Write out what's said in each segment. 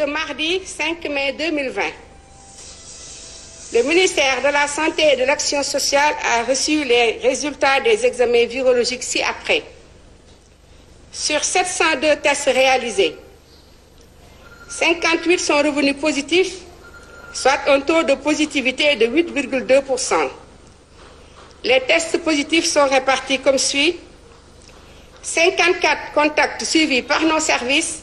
ce mardi 5 mai 2020. Le ministère de la Santé et de l'Action sociale a reçu les résultats des examens virologiques ci-après. Sur 702 tests réalisés, 58 sont revenus positifs, soit un taux de positivité de 8,2%. Les tests positifs sont répartis comme suit. 54 contacts suivis par nos services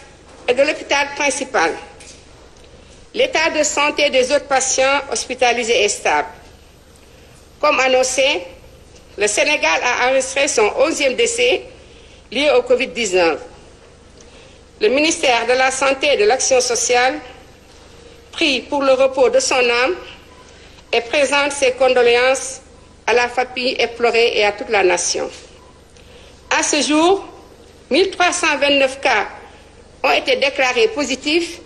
et de l'hôpital principal. L'état de santé des autres patients hospitalisés est stable. le Sénégal a enregistré son 11e décès lié au Covid-19. Le ministère de la Santé de sociale prie pour le repos de son âme et présente ses à la famille éplorée et à la nation. À ce jour, 1329 cas ont été déclarés positifs,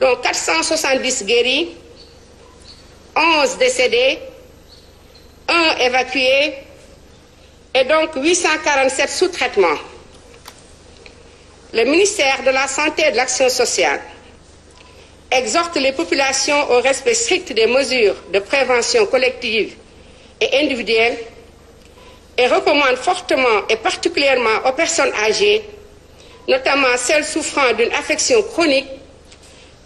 dont 470 guéris, 11 décédés, 1 évacué et donc 847 sous traitement. Le ministère de la Santé et sociale exhorte les populations au respect strict des mesures de prévention collective et individuelle et recommande fortement et particulièrement aux personnes âgées notamment celles souffrant d'une affection chronique,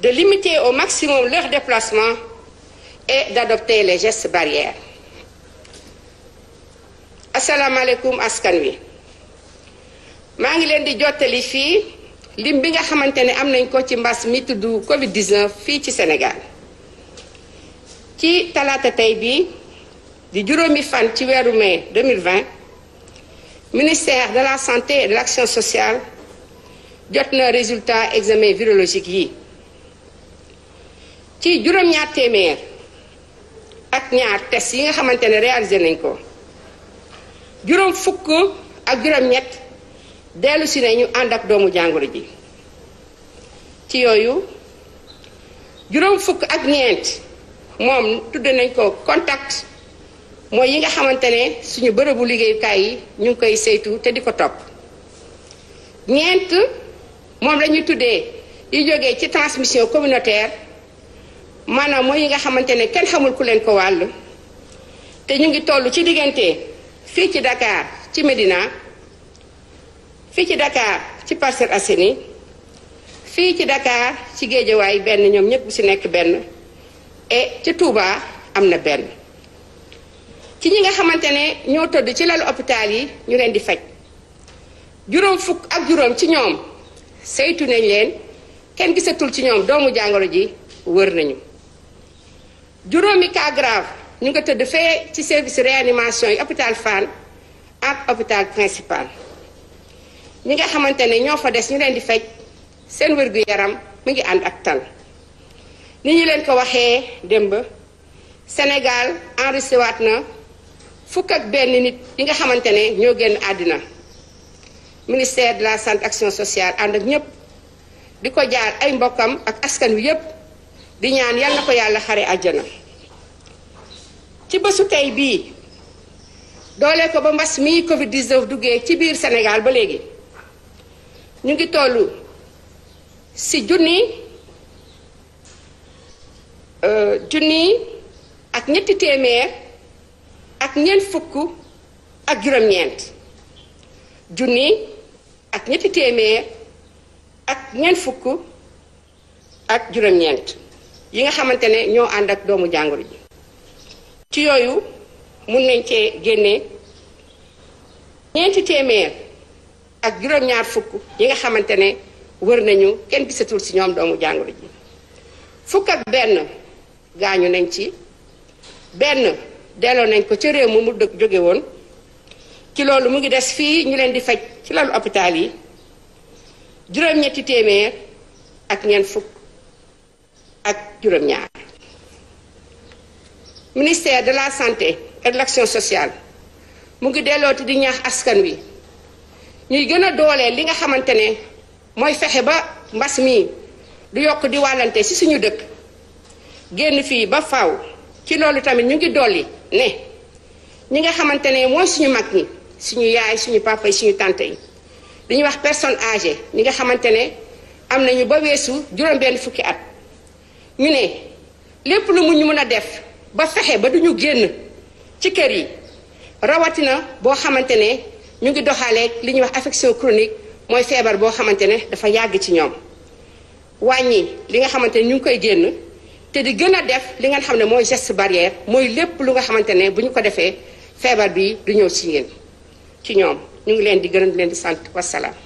de limiter au maximum leurs déplacements et d'adopter les gestes barrières. asalaamaaleykum askan wi maa ngi leen di jottali fii lim bi nga xamante ne am nañ ko ci mbas mi tudd Covid-19 fii ci Sénégal ci talaata tey bii di juróomi fan ci weeru mai 2020 ministère de la santé et de l'action sociale jot na résultat examen virologique yi ci juróom-ñaar téeméer ak ñaar test yi nga xamante ne réalisé nañ ko juróom fukk ak juróom-ñett dellu si nañu ànd ak doomu jàngoro ji ci yooyu juróom fukk ak ñeent moom tudd nañ ko contact mooy yi nga xamante ne suñu bërëbu liggéeyukaay yi ñu ngi koy saytu te di ko topp ñeent moom la ñuy tuddee yu jógee ci transmission communautaire maanaam mooy yi nga xamante ne kenn xamul ku leen ko wàll te ñu ngi toll ci diggante fii ci Dakar ci Médina fii ci Dakar ci Parcelles Assainies fii ci Dakar ci Géejawaay benn ñoom ñëpp ci nekk benn et ci tuubaa am na benn ci ñi nga xamante ne ñoo tëdd ci lal hôpital yi ñu leen di faj juróom fukk ak juróom ci ñoom saytu nañ leen kenn gisatul ci ñoom doomu jàngoro ji wër nañu juróomi cas grave ñu nga tëdd fee ci service réanimation yi hôpital Fann ak hôpital principal ñi nga xamante ne ñoo fa des ñu leen di faj seen wérgu yaram mu ngi ànd ak tal ni ñu leen ko waxee démb Sénégal enregistré waat na fukk ak benn nit yi nga xamante ne ñoo génn àddina ministère de la santé action sociale ànd ak ñëpp di ko jaar ay mbokkam ak askan wi yëpp di ñaan yal na ko yàlla xare àjjana ci bésu tey bii doole ko ba mbas mi Covid 19 duggee ci biir Sénégal ba léegi ñu ngi toll si junni euh, junni ak ñetti téeméer ak ñeent fukk ak juróom-ñeent junni. ak ñetti téeméer ak ñeent fukk ak juróom-ñeent yi nga xamante ne ñoo ànd ak doomu jàngoro ji ci yooyu mun nañ cee génne ñeenti téeméer ak juróom-ñaar fukk yi nga xamante ne wër nañu kenn gisatul ci ñoom doomu jàngoro ji fukk ak benn gaañu nañ ci benn delloo nañ ko ca réew mu mu jóge woon ci loolu mu ngi des fii ñu leen di faj ci lalu hôpital yi juróom téeméer ak ñeent fukk ak ministère de la santé et de l'action sociale mu ngi dellooti di ñaax askan wi ñuy gën a dooleel li nga xamante ne mooy fexe ba mbas mi du yokk di wàllante ci suñu dëkk génn fii ba faw ci loolu tamit ñu ngi dolli ne ñi nga xamante ne mooy suñu mag ñi suñu yaay suñu papa yi suñu tante yi li ñuy wax personne âgée ñi nga xamante ne am nañu ba weesu juróom-benn fukki at ñu ne lépp lu mu ñu mën a def ba fexe ba du ñu génn ci kër yi rawatina boo xamante ne ñu ngi doxalee li ñuy wax affection chronique mooy feebar boo xamante ne dafa yàgg ci ñoom wàññi li nga xamante ne ñu ngi koy génn te di gën a def li nga xam ne mooy geste barrière mooy lépp lu nga xamante ne bu ñu ko defee feebar bii du ñëw ci yéen ci ñoom ñu ngi leen di gërëm di leen di sant wasalaam.